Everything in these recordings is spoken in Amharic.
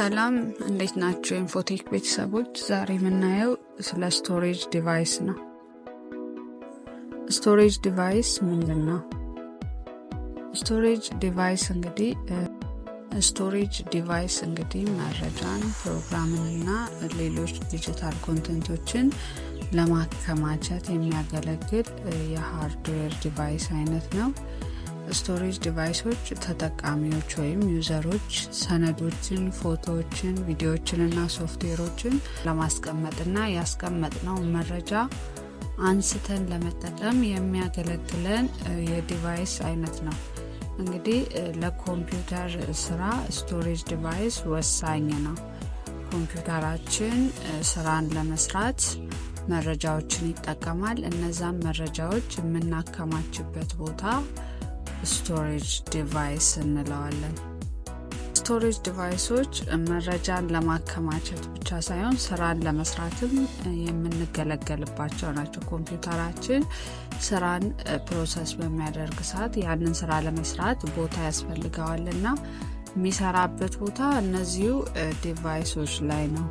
ሰላም እንዴት ናቸው የኢንፎቴክ ቤተሰቦች? ዛሬ የምናየው ስለ ስቶሬጅ ዲቫይስ ነው። ስቶሬጅ ዲቫይስ ምንድን ነው? ስቶሬጅ ዲቫይስ እንግዲህ ስቶሬጅ ዲቫይስ እንግዲህ መረጃን፣ ፕሮግራምን እና ሌሎች ዲጂታል ኮንቴንቶችን ለማከማቸት የሚያገለግል የሃርድዌር ዲቫይስ አይነት ነው። ስቶሬጅ ዲቫይሶች ተጠቃሚዎች ወይም ዩዘሮች ሰነዶችን፣ ፎቶዎችን፣ ቪዲዮዎችንና ሶፍትዌሮችን ለማስቀመጥና ያስቀመጥነው መረጃ አንስተን ለመጠቀም የሚያገለግለን የዲቫይስ አይነት ነው። እንግዲህ ለኮምፒውተር ስራ ስቶሬጅ ዲቫይስ ወሳኝ ነው። ኮምፒውተራችን ስራን ለመስራት መረጃዎችን ይጠቀማል። እነዛን መረጃዎች የምናከማችበት ቦታ ስቶሬጅ ዲቫይስ እንለዋለን። ስቶሬጅ ዲቫይሶች መረጃን ለማከማቸት ብቻ ሳይሆን ስራን ለመስራትም የምንገለገልባቸው ናቸው። ኮምፒውተራችን ስራን ፕሮሰስ በሚያደርግ ሰዓት ያንን ስራ ለመስራት ቦታ ያስፈልገዋል እና የሚሰራበት ቦታ እነዚሁ ዲቫይሶች ላይ ነው።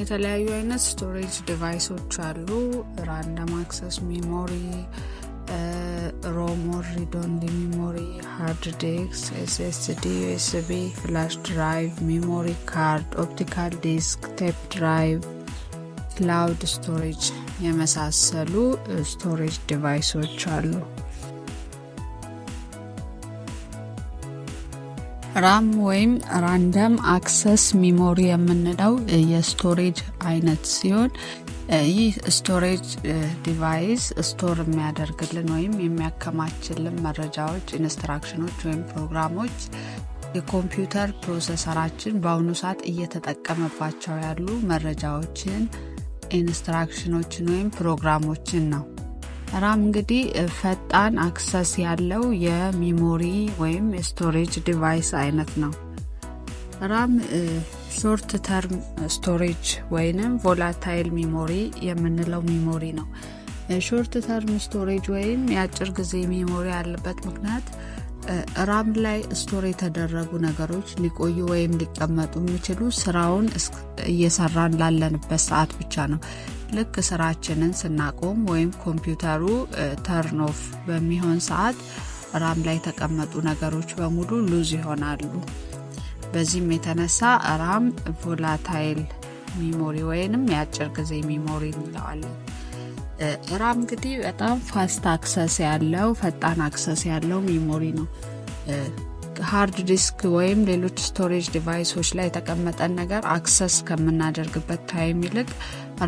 የተለያዩ አይነት ስቶሬጅ ዲቫይሶች አሉ። ራንደም አክሰስ ሜሞሪ ሮሞር፣ ሪዶን ሚሞሪ፣ ሃርድ ዲስክ፣ ኤስኤስዲ፣ ዩኤስቢ፣ ፍላሽ ድራይቭ፣ ሚሞሪ ካርድ፣ ኦፕቲካል ዲስክ፣ ቴፕ ድራይቭ፣ ክላውድ ስቶሬጅ የመሳሰሉ ስቶሬጅ uh, ዲቫይሶች አሉ። ራም ወይም ራንደም አክሰስ ሚሞሪ የምንለው uh, የስቶሬጅ አይነት ሲሆን ይህ ስቶሬጅ ዲቫይስ ስቶር የሚያደርግልን ወይም የሚያከማችልን መረጃዎች፣ ኢንስትራክሽኖች ወይም ፕሮግራሞች የኮምፒውተር ፕሮሰሰራችን በአሁኑ ሰዓት እየተጠቀመባቸው ያሉ መረጃዎችን፣ ኢንስትራክሽኖችን ወይም ፕሮግራሞችን ነው። ራም እንግዲህ ፈጣን አክሰስ ያለው የሚሞሪ ወይም የስቶሬጅ ዲቫይስ አይነት ነው። ራም ሾርት ተርም ስቶሬጅ ወይንም ቮላታይል ሚሞሪ የምንለው ሚሞሪ ነው። ሾርት ተርም ስቶሬጅ ወይም የአጭር ጊዜ ሚሞሪ ያለበት ምክንያት ራም eh, ላይ ስቶር የተደረጉ ነገሮች ሊቆዩ ወይም ሊቀመጡ የሚችሉ ስራውን እየሰራን ላለንበት ሰዓት ብቻ ነው። ልክ ስራችንን ስናቆም ወይም ኮምፒውተሩ ተርን eh, ኦፍ በሚሆን ሰዓት ራም ላይ የተቀመጡ ነገሮች በሙሉ ሉዝ ይሆናሉ። በዚህም የተነሳ ራም ቮላታይል ሚሞሪ ወይንም የአጭር ጊዜ ሚሞሪ እንለዋለን። ራም እንግዲህ በጣም ፋስት አክሰስ ያለው ፈጣን አክሰስ ያለው ሚሞሪ ነው። ሃርድ ዲስክ ወይም ሌሎች ስቶሬጅ ዲቫይሶች ላይ የተቀመጠን ነገር አክሰስ ከምናደርግበት ታይም ይልቅ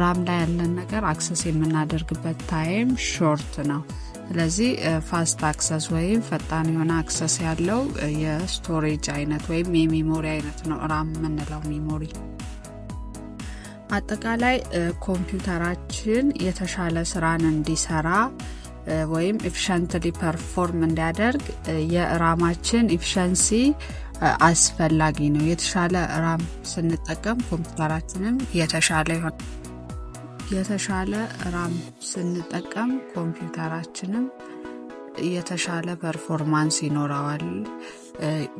ራም ላይ ያለን ነገር አክሰስ የምናደርግበት ታይም ሾርት ነው። ስለዚህ ፋስት አክሰስ ወይም ፈጣን የሆነ አክሰስ ያለው የስቶሬጅ አይነት ወይም የሚሞሪ አይነት ነው ራም የምንለው ሚሞሪ። አጠቃላይ ኮምፒውተራችን የተሻለ ስራን እንዲሰራ ወይም ኤፊሸንትሊ ፐርፎርም እንዲያደርግ የራማችን ኤፊሸንሲ አስፈላጊ ነው። የተሻለ ራም ስንጠቀም ኮምፒውተራችንም የተሻለ ይሆናል። የተሻለ ራም ስንጠቀም ኮምፒውተራችንም የተሻለ ፐርፎርማንስ ይኖረዋል።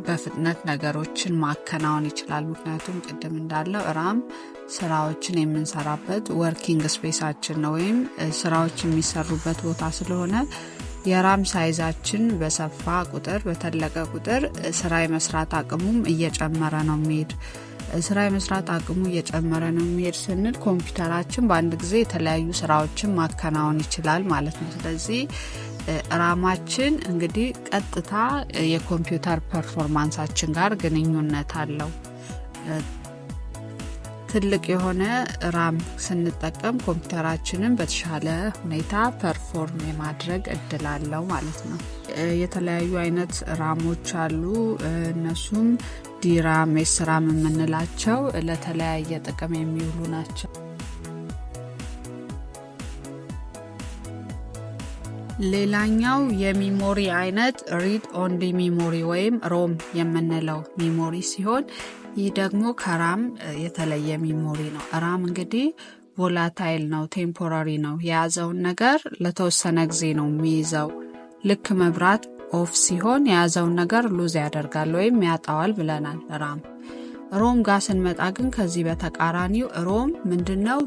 በፍጥነት ነገሮችን ማከናወን ይችላል። ምክንያቱም ቅድም እንዳለው ራም ስራዎችን የምንሰራበት ወርኪንግ ስፔሳችን ነው ወይም ስራዎች የሚሰሩበት ቦታ ስለሆነ የራም ሳይዛችን በሰፋ ቁጥር በተለቀ ቁጥር ስራ የመስራት አቅሙም እየጨመረ ነው የሚሄድ ስራ የመስራት አቅሙ እየጨመረ ነው የሚሄድ ስንል ኮምፒውተራችን በአንድ ጊዜ የተለያዩ ስራዎችን ማከናወን ይችላል ማለት ነው። ስለዚህ ራማችን እንግዲህ ቀጥታ የኮምፒውተር ፐርፎርማንሳችን ጋር ግንኙነት አለው። ትልቅ የሆነ ራም ስንጠቀም ኮምፒውተራችንን በተሻለ ሁኔታ ፐርፎርም የማድረግ እድል አለው ማለት ነው። የተለያዩ አይነት ራሞች አሉ። እነሱም ዲራም ሜስራም የምንላቸው ለተለያየ ጥቅም የሚውሉ ናቸው። ሌላኛው የሚሞሪ አይነት ሪድ ኦንዲ ሚሞሪ ወይም ሮም የምንለው ሚሞሪ ሲሆን ይህ ደግሞ ከራም የተለየ ሚሞሪ ነው። ራም እንግዲህ ቮላታይል ነው፣ ቴምፖራሪ ነው። የያዘውን ነገር ለተወሰነ ጊዜ ነው የሚይዘው ልክ መብራት ኦፍ ሲሆን የያዘውን ነገር ሉዝ ያደርጋል ወይም ያጣዋል ብለናል። ራም ሮም ጋር ስንመጣ ግን ከዚህ በተቃራኒው ሮም ምንድነው?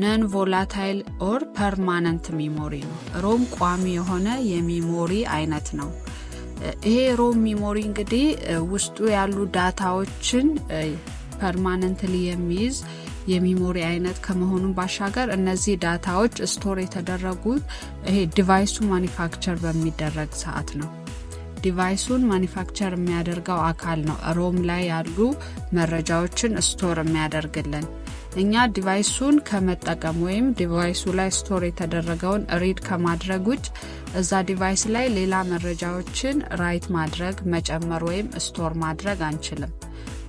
ነን ቮላታይል ኦር ፐርማነንት ሚሞሪ ነው። ሮም ቋሚ የሆነ የሚሞሪ አይነት ነው። ይሄ ሮም ሚሞሪ እንግዲህ ውስጡ ያሉ ዳታዎችን ፐርማነንትሊ የሚይዝ የሚሞሪ አይነት ከመሆኑን ባሻገር እነዚህ ዳታዎች ስቶር የተደረጉት ይሄ ዲቫይሱ ማኒፋክቸር በሚደረግ ሰዓት ነው። ዲቫይሱን ማኒፋክቸር የሚያደርገው አካል ነው ሮም ላይ ያሉ መረጃዎችን ስቶር የሚያደርግልን። እኛ ዲቫይሱን ከመጠቀም ወይም ዲቫይሱ ላይ ስቶር የተደረገውን ሪድ ከማድረግ ውጭ እዛ ዲቫይስ ላይ ሌላ መረጃዎችን ራይት ማድረግ፣ መጨመር ወይም ስቶር ማድረግ አንችልም።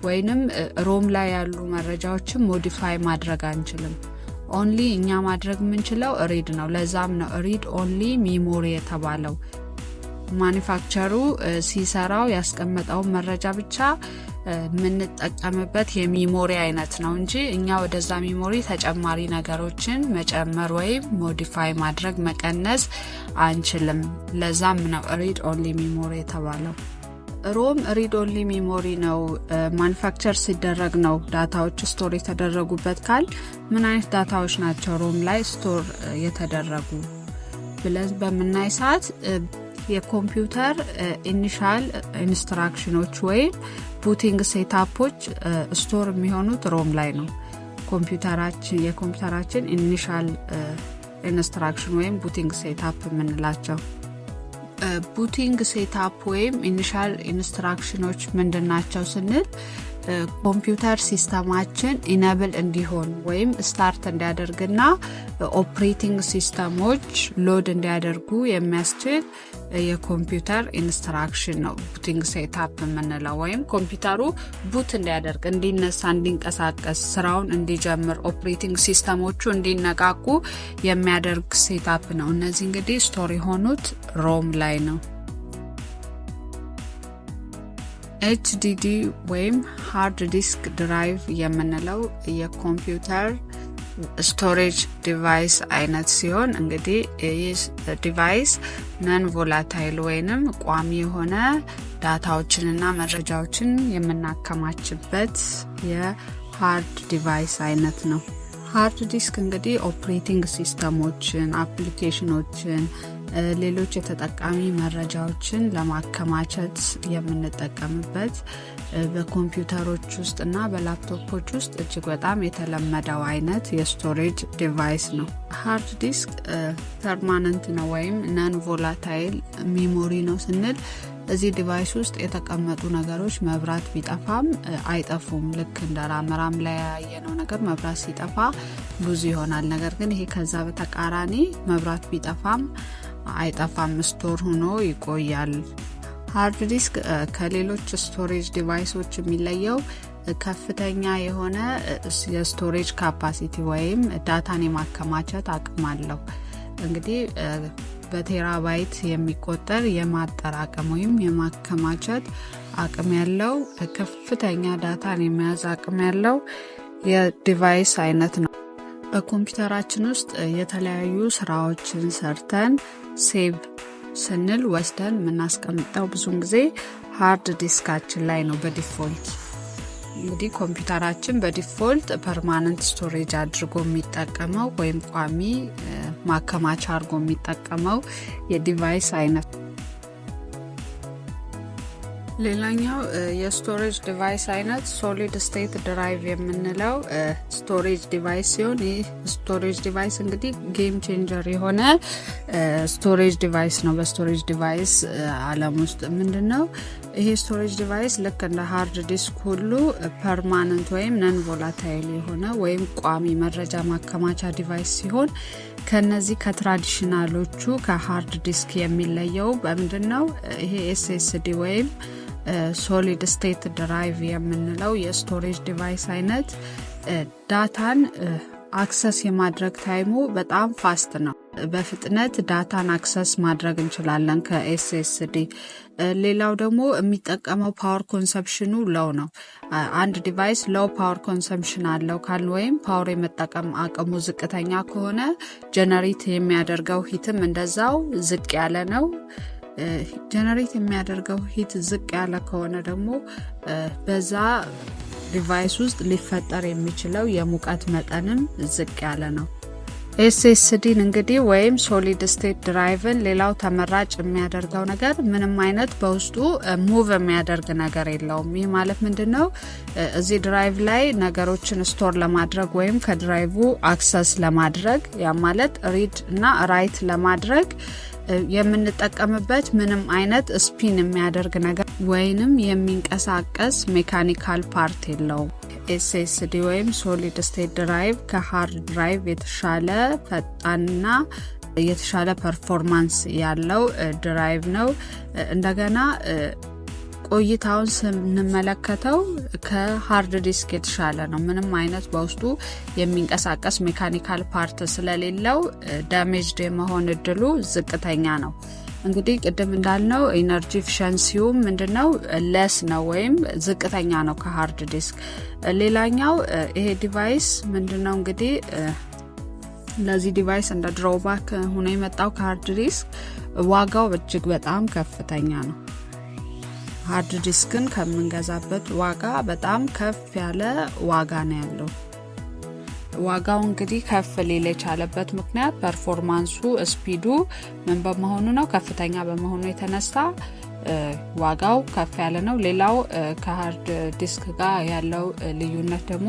ወይንም ሮም ላይ ያሉ መረጃዎችን ሞዲፋይ ማድረግ አንችልም። ኦንሊ እኛ ማድረግ የምንችለው ሪድ ነው። ለዛም ነው ሪድ ኦንሊ ሚሞሪ የተባለው። ማኒፋክቸሩ ሲሰራው ያስቀመጠውን መረጃ ብቻ የምንጠቀምበት የሚሞሪ አይነት ነው እንጂ እኛ ወደዛ ሚሞሪ ተጨማሪ ነገሮችን መጨመር ወይም ሞዲፋይ ማድረግ መቀነስ አንችልም። ለዛም ነው ሪድ ኦንሊ ሚሞሪ የተባለው። ሮም ሪድ ኦንሊ ሜሞሪ ነው ማኒፋክቸር ሲደረግ ነው ዳታዎች ስቶር የተደረጉበት ካል ምን አይነት ዳታዎች ናቸው ሮም ላይ ስቶር የተደረጉ ብለን በምናይ ሰዓት የኮምፒውተር ኢኒሻል ኢንስትራክሽኖች ወይም ቡቲንግ ሴታፖች ስቶር የሚሆኑት ሮም ላይ ነው። ኮምፒውተራችን የኮምፒውተራችን ኢኒሻል ኢንስትራክሽን ወይም ቡቲንግ ሴታፕ የምንላቸው ቡቲንግ ሴታፕ ወይም ኢኒሻል ኢንስትራክሽኖች ምንድን ናቸው ስንል ኮምፒውተር ሲስተማችን ኢነብል እንዲሆን ወይም ስታርት እንዲያደርግና ኦፕሬቲንግ ሲስተሞች ሎድ እንዲያደርጉ የሚያስችል የኮምፒውተር ኢንስትራክሽን ነው። ቡቲንግ ሴታፕ የምንለው ወይም ኮምፒውተሩ ቡት እንዲያደርግ፣ እንዲነሳ፣ እንዲንቀሳቀስ፣ ስራውን እንዲጀምር፣ ኦፕሬቲንግ ሲስተሞቹ እንዲነቃቁ የሚያደርግ ሴታፕ ነው። እነዚህ እንግዲህ ስቶር የሆኑት ሮም ላይ ነው። ኤችዲዲ ወይም ሃርድ ዲስክ ድራይቭ የምንለው የኮምፒውተር ስቶሬጅ ዲቫይስ አይነት ሲሆን እንግዲህ ይህ ዲቫይስ ነን ቮላታይል ወይንም ቋሚ የሆነ ዳታዎችንና መረጃዎችን የምናከማችበት የሃርድ ዲቫይስ አይነት ነው። ሃርድ ዲስክ እንግዲህ ኦፕሬቲንግ ሲስተሞችን፣ አፕሊኬሽኖችን ሌሎች የተጠቃሚ መረጃዎችን ለማከማቸት የምንጠቀምበት በኮምፒውተሮች ውስጥ እና በላፕቶፖች ውስጥ እጅግ በጣም የተለመደው አይነት የስቶሬጅ ዲቫይስ ነው። ሃርድ ዲስክ ፐርማነንት ነው ወይም ነን ቮላታይል ሚሞሪ ነው ስንል እዚህ ዲቫይስ ውስጥ የተቀመጡ ነገሮች መብራት ቢጠፋም አይጠፉም። ልክ እንደ ራመራም ላይ ያየነው ነገር መብራት ሲጠፋ ብዙ ይሆናል። ነገር ግን ይሄ ከዛ በተቃራኒ መብራት ቢጠፋም አይጠፋ ስቶር ሆኖ ይቆያል። ሃርድ ዲስክ ከሌሎች ስቶሬጅ ዲቫይሶች የሚለየው ከፍተኛ የሆነ የስቶሬጅ ካፓሲቲ ወይም ዳታን የማከማቸት አቅም አለው። እንግዲህ በቴራባይት የሚቆጠር የማጠራቀም ወይም የማከማቸት አቅም ያለው ከፍተኛ ዳታን የመያዝ አቅም ያለው የዲቫይስ አይነት ነው። በኮምፒውተራችን ውስጥ የተለያዩ ስራዎችን ሰርተን ሴቭ ስንል ወስደን የምናስቀምጠው ብዙውን ጊዜ ሀርድ ዲስካችን ላይ ነው በዲፎልት እንግዲህ ኮምፒውተራችን በዲፎልት ፐርማነንት ስቶሬጅ አድርጎ የሚጠቀመው ወይም ቋሚ ማከማቻ አድርጎ የሚጠቀመው የዲቫይስ አይነት ሌላኛው የስቶሬጅ ዲቫይስ አይነት ሶሊድ ስቴት ድራይቭ የምንለው ስቶሬጅ ዲቫይስ ሲሆን ይህ ስቶሬጅ ዲቫይስ እንግዲህ ጌም ቼንጀር የሆነ ስቶሬጅ ዲቫይስ ነው። በስቶሬጅ ዲቫይስ አለም ውስጥ ምንድን ነው ይሄ ስቶሬጅ ዲቫይስ ልክ እንደ ሀርድ ዲስክ ሁሉ ፐርማነንት ወይም ነን ቮላታይል የሆነ ወይም ቋሚ መረጃ ማከማቻ ዲቫይስ ሲሆን ከነዚህ ከትራዲሽናሎቹ ከሀርድ ዲስክ የሚለየው በምንድን ነው? ይሄ ኤስኤስዲ ወይም ሶሊድ ስቴት ድራይቭ የምንለው የስቶሬጅ ዲቫይስ አይነት ዳታን አክሰስ የማድረግ ታይሙ በጣም ፋስት ነው። በፍጥነት ዳታን አክሰስ ማድረግ እንችላለን ከኤስኤስዲ። ሌላው ደግሞ የሚጠቀመው ፓወር ኮንሰፕሽኑ ለው ነው። አንድ ዲቫይስ ለው ፓወር ኮንሰፕሽን አለው ካል ወይም ፓወር የመጠቀም አቅሙ ዝቅተኛ ከሆነ ጀነሬት የሚያደርገው ሂትም እንደዛው ዝቅ ያለ ነው። ጀነሬት የሚያደርገው ሂት ዝቅ ያለ ከሆነ ደግሞ በዛ ዲቫይስ ውስጥ ሊፈጠር የሚችለው የሙቀት መጠንም ዝቅ ያለ ነው። ኤስኤስዲን እንግዲህ ወይም ሶሊድ ስቴት ድራይቭን ሌላው ተመራጭ የሚያደርገው ነገር ምንም አይነት በውስጡ ሙቭ የሚያደርግ ነገር የለውም። ይህ ማለት ምንድን ነው? እዚህ ድራይቭ ላይ ነገሮችን ስቶር ለማድረግ ወይም ከድራይቭ አክሰስ ለማድረግ ያ ማለት ሪድ እና ራይት ለማድረግ የምንጠቀምበት ምንም አይነት ስፒን የሚያደርግ ነገር ወይንም የሚንቀሳቀስ ሜካኒካል ፓርት የለውም። ኤስኤስዲ ወይም ሶሊድ ስቴት ድራይቭ ከሃርድ ድራይቭ የተሻለ ፈጣንና የተሻለ ፐርፎርማንስ ያለው ድራይቭ ነው። እንደገና ቆይታውን ስንመለከተው ከሃርድ ዲስክ የተሻለ ነው። ምንም አይነት በውስጡ የሚንቀሳቀስ ሜካኒካል ፓርት ስለሌለው ዳሜጅድ የመሆን እድሉ ዝቅተኛ ነው። እንግዲህ ቅድም እንዳልነው ኢነርጂ ኤፊሸንሲውም ምንድነው ለስ ነው ወይም ዝቅተኛ ነው ከሃርድ ዲስክ። ሌላኛው ይሄ ዲቫይስ ምንድነው እንግዲህ ለዚህ ዲቫይስ እንደ ድሮባክ ሆኖ የመጣው ከሃርድ ዲስክ ዋጋው እጅግ በጣም ከፍተኛ ነው። ሀርድ ዲስክን ከምንገዛበት ዋጋ በጣም ከፍ ያለ ዋጋ ነው ያለው። ዋጋው እንግዲህ ከፍ ሊል የቻለበት ምክንያት ፐርፎርማንሱ ስፒዱ ምን በመሆኑ ነው? ከፍተኛ በመሆኑ የተነሳ ዋጋው ከፍ ያለ ነው። ሌላው ከሃርድ ዲስክ ጋር ያለው ልዩነት ደግሞ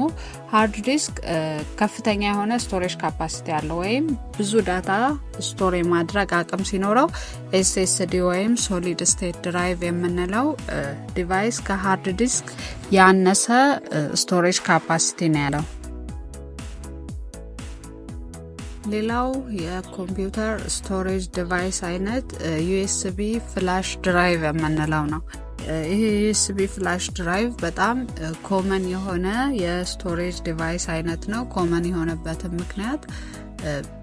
ሃርድ ዲስክ ከፍተኛ የሆነ ስቶሬጅ ካፓሲቲ ያለው ወይም ብዙ ዳታ ስቶር የማድረግ አቅም ሲኖረው ኤስኤስዲ ወይም ሶሊድ ስቴት ድራይቭ የምንለው ዲቫይስ ከሃርድ ዲስክ ያነሰ ስቶሬጅ ካፓሲቲ ነው ያለው። ሌላው የኮምፒውተር ስቶሬጅ ዲቫይስ አይነት ዩኤስቢ ፍላሽ ድራይቭ የምንለው ነው። ይህ ዩኤስቢ ፍላሽ ድራይቭ በጣም ኮመን የሆነ የስቶሬጅ ዲቫይስ አይነት ነው። ኮመን የሆነበትም ምክንያት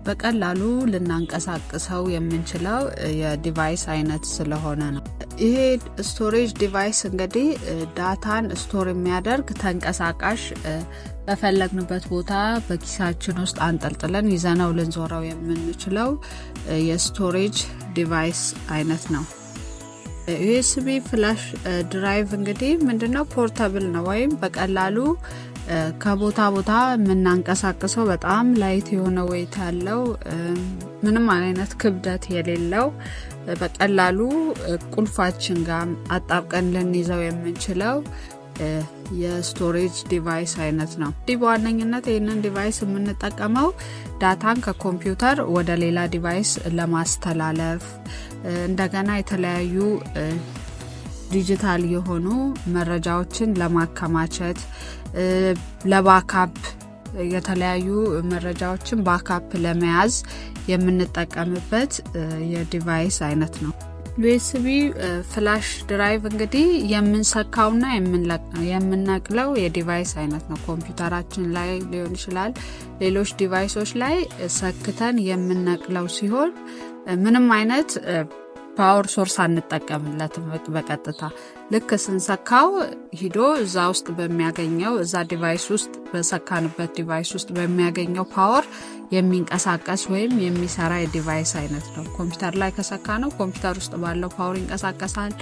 በቀላሉ ልናንቀሳቅሰው የምንችለው የዲቫይስ አይነት ስለሆነ ነው። ይሄ ስቶሬጅ ዲቫይስ እንግዲህ ዳታን ስቶር የሚያደርግ ተንቀሳቃሽ በፈለግንበት ቦታ በኪሳችን ውስጥ አንጠልጥለን ይዘነው ልንዞረው የምንችለው የስቶሬጅ ዲቫይስ አይነት ነው። ዩኤስቢ ፍላሽ ድራይቭ እንግዲህ ምንድነው? ፖርታብል ነው ወይም በቀላሉ ከቦታ ቦታ የምናንቀሳቀሰው በጣም ላይት የሆነ ወይት ያለው ምንም አይነት ክብደት የሌለው በቀላሉ ቁልፋችን ጋር አጣብቀን ልንይዘው የምንችለው የስቶሬጅ ዲቫይስ አይነት ነው። እንዲህ በዋነኝነት ይህንን ዲቫይስ የምንጠቀመው ዳታን ከኮምፒውተር ወደ ሌላ ዲቫይስ ለማስተላለፍ እንደገና የተለያዩ ዲጂታል የሆኑ መረጃዎችን ለማከማቸት ለባካፕ የተለያዩ መረጃዎችን ባካፕ ለመያዝ የምንጠቀምበት የዲቫይስ አይነት ነው። ዩኤስቢ ፍላሽ ድራይቭ እንግዲህ የምንሰካውና የምናቅለው የዲቫይስ አይነት ነው። ኮምፒውተራችን ላይ ሊሆን ይችላል፣ ሌሎች ዲቫይሶች ላይ ሰክተን የምናቅለው ሲሆን ምንም አይነት ፓወር ሶርስ አንጠቀምለትም። በቀጥታ ልክ ስንሰካው ሂዶ እዛ ውስጥ በሚያገኘው እዛ ዲቫይስ ውስጥ በሰካንበት ዲቫይስ ውስጥ በሚያገኘው ፓወር የሚንቀሳቀስ ወይም የሚሰራ የዲቫይስ አይነት ነው። ኮምፒውተር ላይ ከሰካ ነው ኮምፒውተር ውስጥ ባለው ፓወር ይንቀሳቀሳል።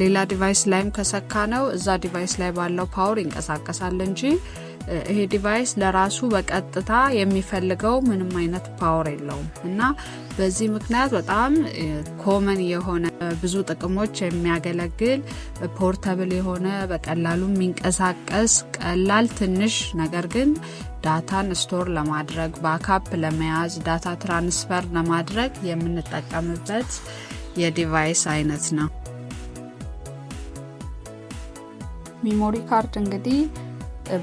ሌላ ዲቫይስ ላይም ከሰካ ነው እዛ ዲቫይስ ላይ ባለው ፓወር ይንቀሳቀሳል እንጂ ይሄ ዲቫይስ ለራሱ በቀጥታ የሚፈልገው ምንም አይነት ፓወር የለውም እና በዚህ ምክንያት በጣም ኮመን የሆነ ብዙ ጥቅሞች የሚያገለግል ፖርተብል የሆነ በቀላሉ የሚንቀሳቀስ ቀላል ትንሽ ነገር ግን ዳታን ስቶር ለማድረግ ባካፕ ለመያዝ ዳታ ትራንስፈር ለማድረግ የምንጠቀምበት የዲቫይስ አይነት ነው። ሚሞሪ ካርድ እንግዲህ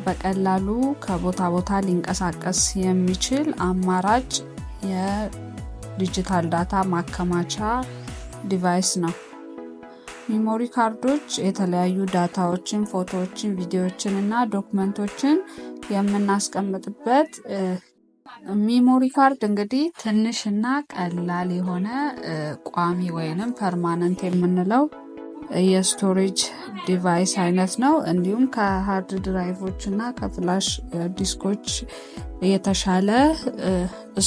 በቀላሉ ከቦታ ቦታ ሊንቀሳቀስ የሚችል አማራጭ የዲጂታል ዳታ ማከማቻ ዲቫይስ ነው። ሚሞሪ ካርዶች የተለያዩ ዳታዎችን፣ ፎቶዎችን፣ ቪዲዮዎችን እና ዶክመንቶችን የምናስቀምጥበት ሚሞሪ ካርድ እንግዲህ ትንሽ እና ቀላል የሆነ ቋሚ ወይንም ፐርማነንት የምንለው የስቶሬጅ ዲቫይስ አይነት ነው። እንዲሁም ከሀርድ ድራይቮች እና ከፍላሽ ዲስኮች የተሻለ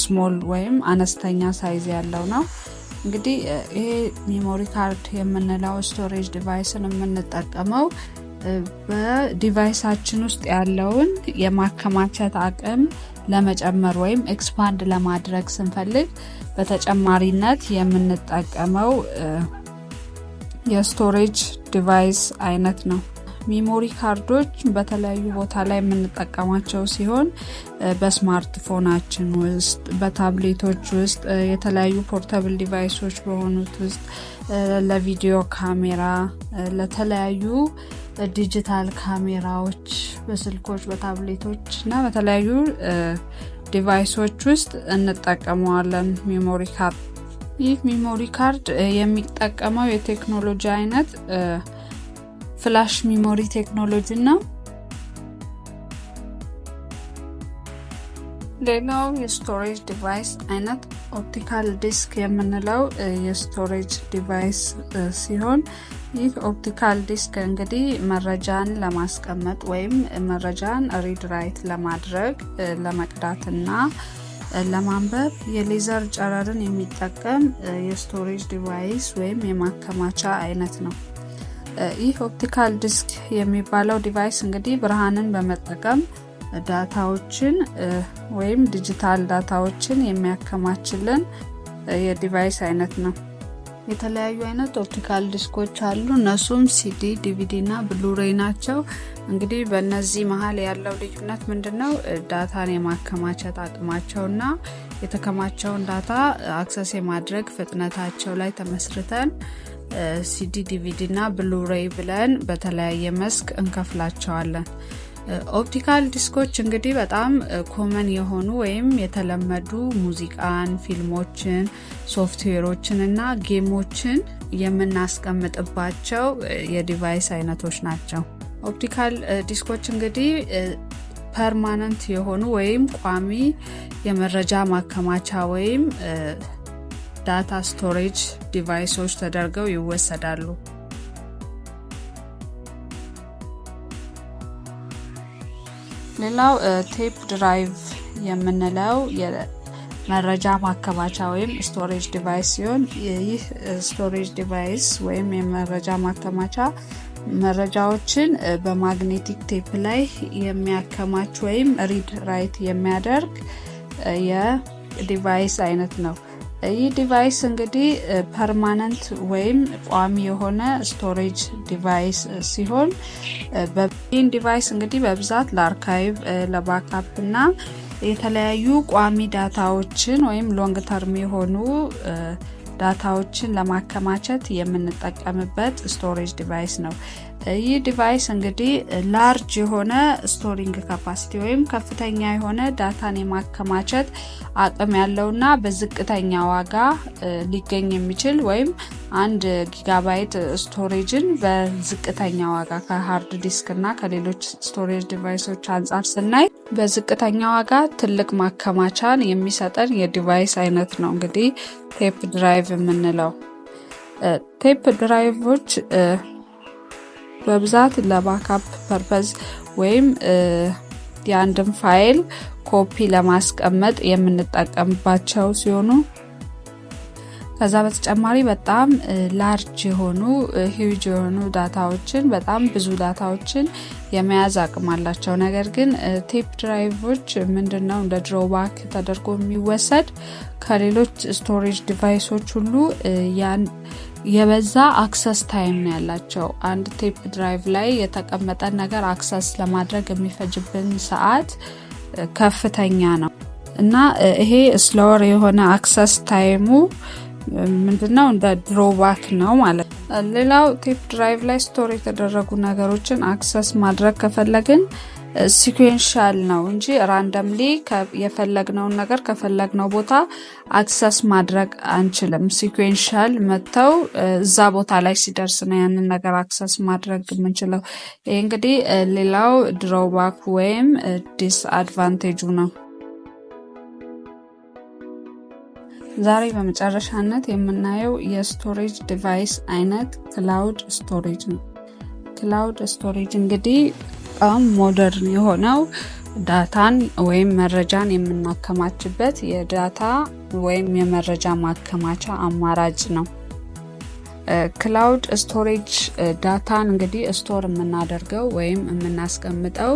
ስሞል ወይም አነስተኛ ሳይዝ ያለው ነው። እንግዲህ ይሄ ሜሞሪ ካርድ የምንለው ስቶሬጅ ዲቫይስን የምንጠቀመው በዲቫይሳችን ውስጥ ያለውን የማከማቸት አቅም ለመጨመር ወይም ኤክስፓንድ ለማድረግ ስንፈልግ በተጨማሪነት የምንጠቀመው የስቶሬጅ ዲቫይስ አይነት ነው። ሚሞሪ ካርዶች በተለያዩ ቦታ ላይ የምንጠቀማቸው ሲሆን በስማርትፎናችን ውስጥ፣ በታብሌቶች ውስጥ፣ የተለያዩ ፖርተብል ዲቫይሶች በሆኑት ውስጥ ለቪዲዮ ካሜራ፣ ለተለያዩ ዲጂታል ካሜራዎች፣ በስልኮች፣ በታብሌቶች እና በተለያዩ ዲቫይሶች ውስጥ እንጠቀመዋለን ሚሞሪ ካርድ ይህ ሚሞሪ ካርድ የሚጠቀመው የቴክኖሎጂ አይነት ፍላሽ ሚሞሪ ቴክኖሎጂ ነው። ሌላው የስቶሬጅ ዲቫይስ አይነት ኦፕቲካል ዲስክ የምንለው የስቶሬጅ ዲቫይስ ሲሆን ይህ ኦፕቲካል ዲስክ እንግዲህ መረጃን ለማስቀመጥ ወይም መረጃን ሪድ ራይት ለማድረግ ለመቅዳትና ለማንበብ የሌዘር ጨረርን የሚጠቀም የስቶሬጅ ዲቫይስ ወይም የማከማቻ አይነት ነው። ይህ ኦፕቲካል ዲስክ የሚባለው ዲቫይስ እንግዲህ ብርሃንን በመጠቀም ዳታዎችን ወይም ዲጂታል ዳታዎችን የሚያከማችልን የዲቫይስ አይነት ነው። የተለያዩ አይነት ኦፕቲካል ዲስኮች አሉ። እነሱም ሲዲ፣ ዲቪዲ እና ብሉሬይ ናቸው። እንግዲህ በእነዚህ መሀል ያለው ልዩነት ምንድን ነው? ዳታን የማከማቸት ና የተከማቸውን ዳታ አክሰስ የማድረግ ፍጥነታቸው ላይ ተመስርተን ሲዲ፣ ዲቪዲ እና ብሉሬይ ብለን በተለያየ መስክ እንከፍላቸዋለን። ኦፕቲካል ዲስኮች እንግዲህ በጣም ኮመን የሆኑ ወይም የተለመዱ ሙዚቃን፣ ፊልሞችን፣ ሶፍትዌሮችን እና ጌሞችን የምናስቀምጥባቸው የዲቫይስ አይነቶች ናቸው። ኦፕቲካል ዲስኮች እንግዲህ ፐርማነንት የሆኑ ወይም ቋሚ የመረጃ ማከማቻ ወይም ዳታ ስቶሬጅ ዲቫይሶች ተደርገው ይወሰዳሉ። ሌላው ቴፕ ድራይቭ የምንለው መረጃ ማከማቻ ወይም ስቶሬጅ ዲቫይስ ሲሆን ይህ ስቶሬጅ ዲቫይስ ወይም የመረጃ ማከማቻ መረጃዎችን በማግኔቲክ ቴፕ ላይ የሚያከማች ወይም ሪድ ራይት የሚያደርግ የዲቫይስ አይነት ነው። ይህ ዲቫይስ እንግዲህ ፐርማነንት ወይም ቋሚ የሆነ ስቶሬጅ ዲቫይስ ሲሆን ይህን ዲቫይስ እንግዲህ በብዛት ለአርካይቭ ለባካፕ እና የተለያዩ ቋሚ ዳታዎችን ወይም ሎንግ ተርም የሆኑ ዳታዎችን ለማከማቸት የምንጠቀምበት ስቶሬጅ ዲቫይስ ነው። ይህ ዲቫይስ እንግዲህ ላርጅ የሆነ ስቶሪንግ ካፓሲቲ ወይም ከፍተኛ የሆነ ዳታን የማከማቸት አቅም ያለውና በዝቅተኛ ዋጋ ሊገኝ የሚችል ወይም አንድ ጊጋባይት ስቶሬጅን በዝቅተኛ ዋጋ ከሀርድ ዲስክ እና ከሌሎች ስቶሬጅ ዲቫይሶች አንጻር ስናይ በዝቅተኛ ዋጋ ትልቅ ማከማቻን የሚሰጠን የዲቫይስ አይነት ነው እንግዲህ ቴፕ ድራይቭ የምንለው ቴፕ ድራይቮች በብዛት ለባካፕ ፐርፐዝ ወይም የአንድን ፋይል ኮፒ ለማስቀመጥ የምንጠቀምባቸው ሲሆኑ ከዛ በተጨማሪ በጣም ላርጅ የሆኑ ሂውጅ የሆኑ ዳታዎችን በጣም ብዙ ዳታዎችን የመያዝ አቅም አላቸው። ነገር ግን ቴፕ ድራይቮች ምንድን ነው እንደ ድሮባክ ተደርጎ የሚወሰድ ከሌሎች ስቶሬጅ ዲቫይሶች ሁሉ የበዛ አክሰስ ታይም ነው ያላቸው። አንድ ቴፕ ድራይቭ ላይ የተቀመጠን ነገር አክሰስ ለማድረግ የሚፈጅብን ሰዓት ከፍተኛ ነው እና ይሄ ስሎወር የሆነ አክሰስ ታይሙ ምንድነው እንደ ድሮባክ ነው ማለት ነው። ሌላው ቴፕ ድራይቭ ላይ ስቶር የተደረጉ ነገሮችን አክሰስ ማድረግ ከፈለግን ሲኩዌንሻል ነው እንጂ ራንደምሊ የፈለግነውን ነገር ከፈለግነው ቦታ አክሰስ ማድረግ አንችልም። ሲኩዌንሻል መጥተው እዛ ቦታ ላይ ሲደርስ ነው ያንን ነገር አክሰስ ማድረግ የምንችለው። ይህ እንግዲህ ሌላው ድሮባክ ወይም ዲስአድቫንቴጁ ነው። ዛሬ በመጨረሻነት የምናየው የስቶሬጅ ዲቫይስ አይነት ክላውድ ስቶሬጅ ነው። ክላውድ ስቶሬጅ እንግዲህ በጣም ሞደርን የሆነው ዳታን ወይም መረጃን የምናከማችበት የዳታ ወይም የመረጃ ማከማቻ አማራጭ ነው። ክላውድ ስቶሬጅ ዳታን እንግዲህ ስቶር የምናደርገው ወይም የምናስቀምጠው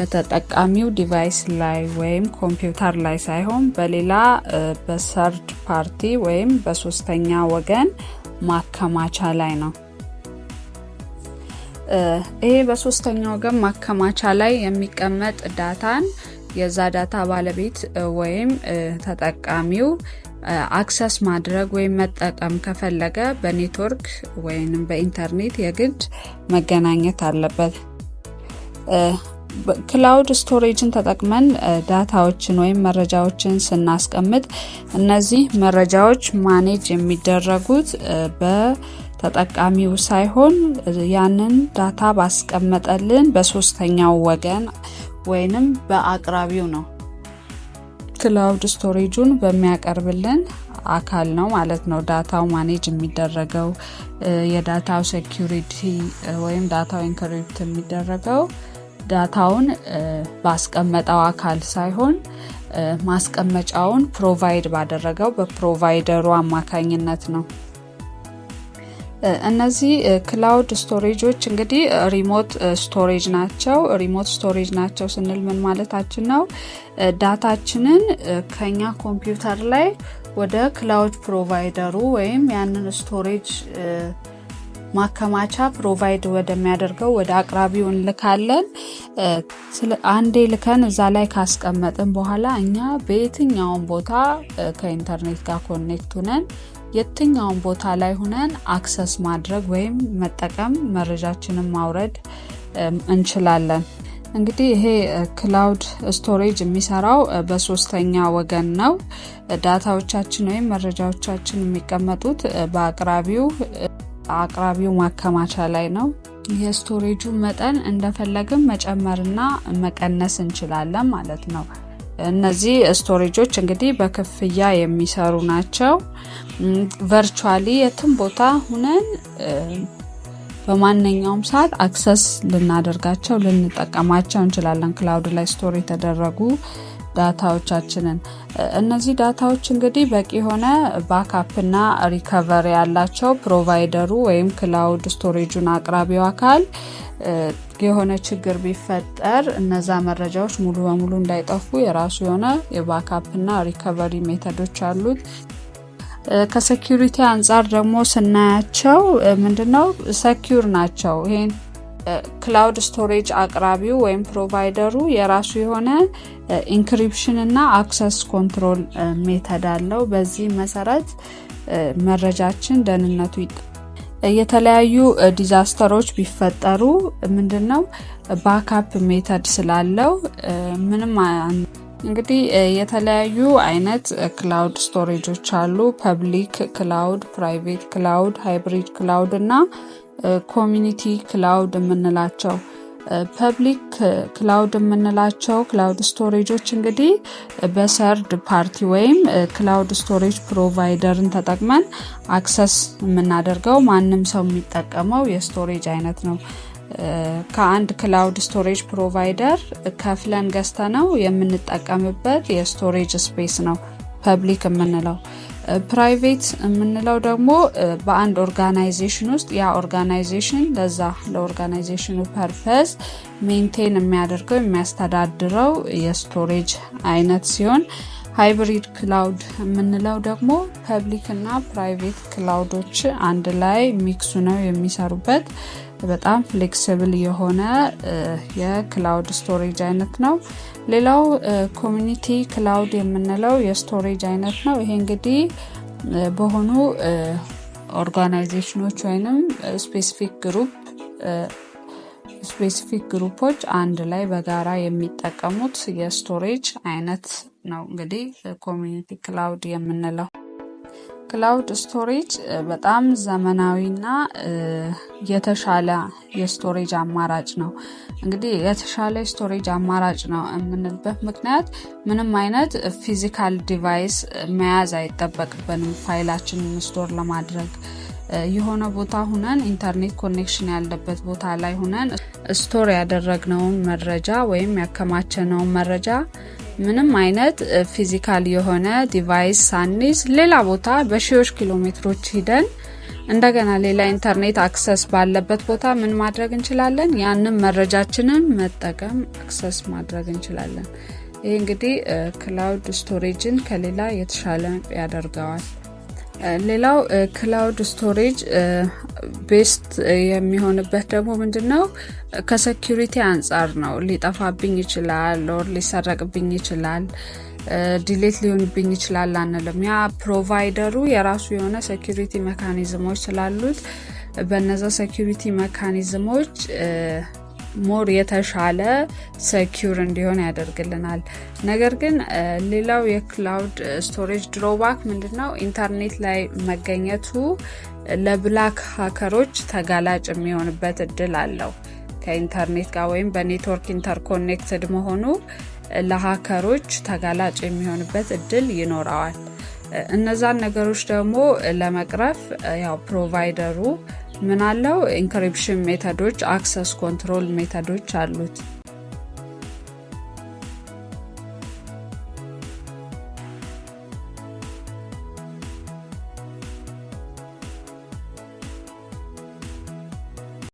በተጠቃሚው ዲቫይስ ላይ ወይም ኮምፒውተር ላይ ሳይሆን በሌላ በሰርድ ፓርቲ ወይም በሶስተኛ ወገን ማከማቻ ላይ ነው። ይሄ በሶስተኛ ወገን ማከማቻ ላይ የሚቀመጥ ዳታን የዛ ዳታ ባለቤት ወይም ተጠቃሚው አክሰስ ማድረግ ወይም መጠቀም ከፈለገ በኔትወርክ ወይም በኢንተርኔት የግድ መገናኘት አለበት። ክላውድ ስቶሬጅን ተጠቅመን ዳታዎችን ወይም መረጃዎችን ስናስቀምጥ እነዚህ መረጃዎች ማኔጅ የሚደረጉት በተጠቃሚው ሳይሆን ያንን ዳታ ባስቀመጠልን በሶስተኛው ወገን ወይንም በአቅራቢው ነው። ክላውድ ስቶሬጁን በሚያቀርብልን አካል ነው ማለት ነው። ዳታው ማኔጅ የሚደረገው የዳታው ሴኪሪቲ ወይም ዳታው ኢንክሪፕት የሚደረገው እርዳታውን ባስቀመጠው አካል ሳይሆን ማስቀመጫውን ፕሮቫይድ ባደረገው በፕሮቫይደሩ አማካኝነት ነው። እነዚህ ክላውድ ስቶሬጆች እንግዲህ ሪሞት ስቶሬጅ ናቸው። ሪሞት ስቶሬጅ ናቸው ስንል ምን ማለታችን ነው? ዳታችንን ከኛ ኮምፒውተር ላይ ወደ ክላውድ ፕሮቫይደሩ ወይም ያንን ስቶሬጅ ማከማቻ ፕሮቫይድ ወደሚያደርገው ወደ አቅራቢው እንልካለን። አንዴ ልከን እዛ ላይ ካስቀመጥን በኋላ እኛ በየትኛውን ቦታ ከኢንተርኔት ጋር ኮኔክት ሁነን የትኛውን ቦታ ላይ ሁነን አክሰስ ማድረግ ወይም መጠቀም መረጃችንን ማውረድ እንችላለን። እንግዲህ ይሄ ክላውድ ስቶሬጅ የሚሰራው በሶስተኛ ወገን ነው። ዳታዎቻችን ወይም መረጃዎቻችን የሚቀመጡት በአቅራቢው አቅራቢው ማከማቻ ላይ ነው። የስቶሬጁን መጠን እንደፈለግን መጨመርና መቀነስ እንችላለን ማለት ነው። እነዚህ ስቶሬጆች እንግዲህ በክፍያ የሚሰሩ ናቸው። ቨርቹዋሊ የትም ቦታ ሁነን በማንኛውም ሰዓት አክሰስ ልናደርጋቸው ልንጠቀማቸው እንችላለን። ክላውድ ላይ ስቶር የተደረጉ ዳታዎቻችንን እነዚህ ዳታዎች እንግዲህ በቂ የሆነ ባካፕና ሪከቨር ያላቸው ፕሮቫይደሩ ወይም ክላውድ ስቶሬጁን አቅራቢው አካል የሆነ ችግር ቢፈጠር እነዛ መረጃዎች ሙሉ በሙሉ እንዳይጠፉ የራሱ የሆነ የባካፕና ሪከቨሪ ሜተዶች አሉት። ከሴኪሪቲ አንጻር ደግሞ ስናያቸው ምንድነው ሰኪር ናቸው። ይሄን ክላውድ ስቶሬጅ አቅራቢው ወይም ፕሮቫይደሩ የራሱ የሆነ ኢንክሪፕሽን እና አክሰስ ኮንትሮል ሜተድ አለው። በዚህ መሰረት መረጃችን ደህንነቱ የተለያዩ ዲዛስተሮች ቢፈጠሩ ምንድን ነው ባካፕ ሜተድ ስላለው ምንም እንግዲህ የተለያዩ አይነት ክላውድ ስቶሬጆች አሉ። ፐብሊክ ክላውድ፣ ፕራይቬት ክላውድ፣ ሃይብሪድ ክላውድ እና ኮሚኒቲ ክላውድ የምንላቸው ፐብሊክ ክላውድ የምንላቸው ክላውድ ስቶሬጆች እንግዲህ በሰርድ ፓርቲ ወይም ክላውድ ስቶሬጅ ፕሮቫይደርን ተጠቅመን አክሰስ የምናደርገው ማንም ሰው የሚጠቀመው የስቶሬጅ አይነት ነው። ከአንድ ክላውድ ስቶሬጅ ፕሮቫይደር ከፍለን ገዝተ ነው የምንጠቀምበት የስቶሬጅ ስፔስ ነው ፐብሊክ የምንለው። ፕራይቬት የምንለው ደግሞ በአንድ ኦርጋናይዜሽን ውስጥ ያ ኦርጋናይዜሽን ለዛ ለኦርጋናይዜሽኑ ፐርፐስ ሜንቴን የሚያደርገው የሚያስተዳድረው የስቶሬጅ አይነት ሲሆን ሃይብሪድ ክላውድ የምንለው ደግሞ ፐብሊክ እና ፕራይቬት ክላውዶች አንድ ላይ ሚክሱ ነው የሚሰሩበት በጣም ፍሌክስብል የሆነ የክላውድ ስቶሬጅ አይነት ነው። ሌላው ኮሚኒቲ ክላውድ የምንለው የስቶሬጅ አይነት ነው። ይሄ እንግዲህ በሆኑ ኦርጋናይዜሽኖች ወይንም ስፔሲፊክ ግሩፕ ስፔሲፊክ ግሩፖች አንድ ላይ በጋራ የሚጠቀሙት የስቶሬጅ አይነት ነው። እንግዲህ ኮሚኒቲ ክላውድ የምንለው ክላውድ ስቶሬጅ በጣም ዘመናዊና የተሻለ የስቶሬጅ አማራጭ ነው። እንግዲህ የተሻለ ስቶሬጅ አማራጭ ነው የምንልበት ምክንያት ምንም አይነት ፊዚካል ዲቫይስ መያዝ አይጠበቅብንም ፋይላችንን ስቶር ለማድረግ የሆነ ቦታ ሁነን ኢንተርኔት ኮኔክሽን ያለበት ቦታ ላይ ሁነን ስቶር ያደረግነውን መረጃ ወይም ያከማቸነውን መረጃ ምንም አይነት ፊዚካል የሆነ ዲቫይስ ሳንይዝ ሌላ ቦታ በሺዎች ኪሎ ሜትሮች ሂደን እንደገና ሌላ ኢንተርኔት አክሰስ ባለበት ቦታ ምን ማድረግ እንችላለን? ያንም መረጃችንን መጠቀም አክሰስ ማድረግ እንችላለን። ይህ እንግዲህ ክላውድ ስቶሬጅን ከሌላ የተሻለ ያደርገዋል። ሌላው ክላውድ ስቶሬጅ ቤስት የሚሆንበት ደግሞ ምንድን ነው? ከሴኪሪቲ አንጻር ነው። ሊጠፋብኝ ይችላል ኦር ሊሰረቅብኝ ይችላል ዲሌት ሊሆንብኝ ይችላል አንልም። ያ ፕሮቫይደሩ የራሱ የሆነ ሴኪሪቲ ሜካኒዝሞች ስላሉት በነዛ ሴኪሪቲ ሜካኒዝሞች ሞር የተሻለ ሰኪውር እንዲሆን ያደርግልናል። ነገር ግን ሌላው የክላውድ ስቶሬጅ ድሮባክ ምንድን ነው? ኢንተርኔት ላይ መገኘቱ ለብላክ ሀከሮች ተጋላጭ የሚሆንበት እድል አለው። ከኢንተርኔት ጋር ወይም በኔትወርክ ኢንተርኮኔክትድ መሆኑ ለሀከሮች ተጋላጭ የሚሆንበት እድል ይኖረዋል። እነዛን ነገሮች ደግሞ ለመቅረፍ ያው ፕሮቫይደሩ ምናለው ኢንክሪፕሽን ሜተዶች፣ አክሰስ ኮንትሮል ሜተዶች አሉት።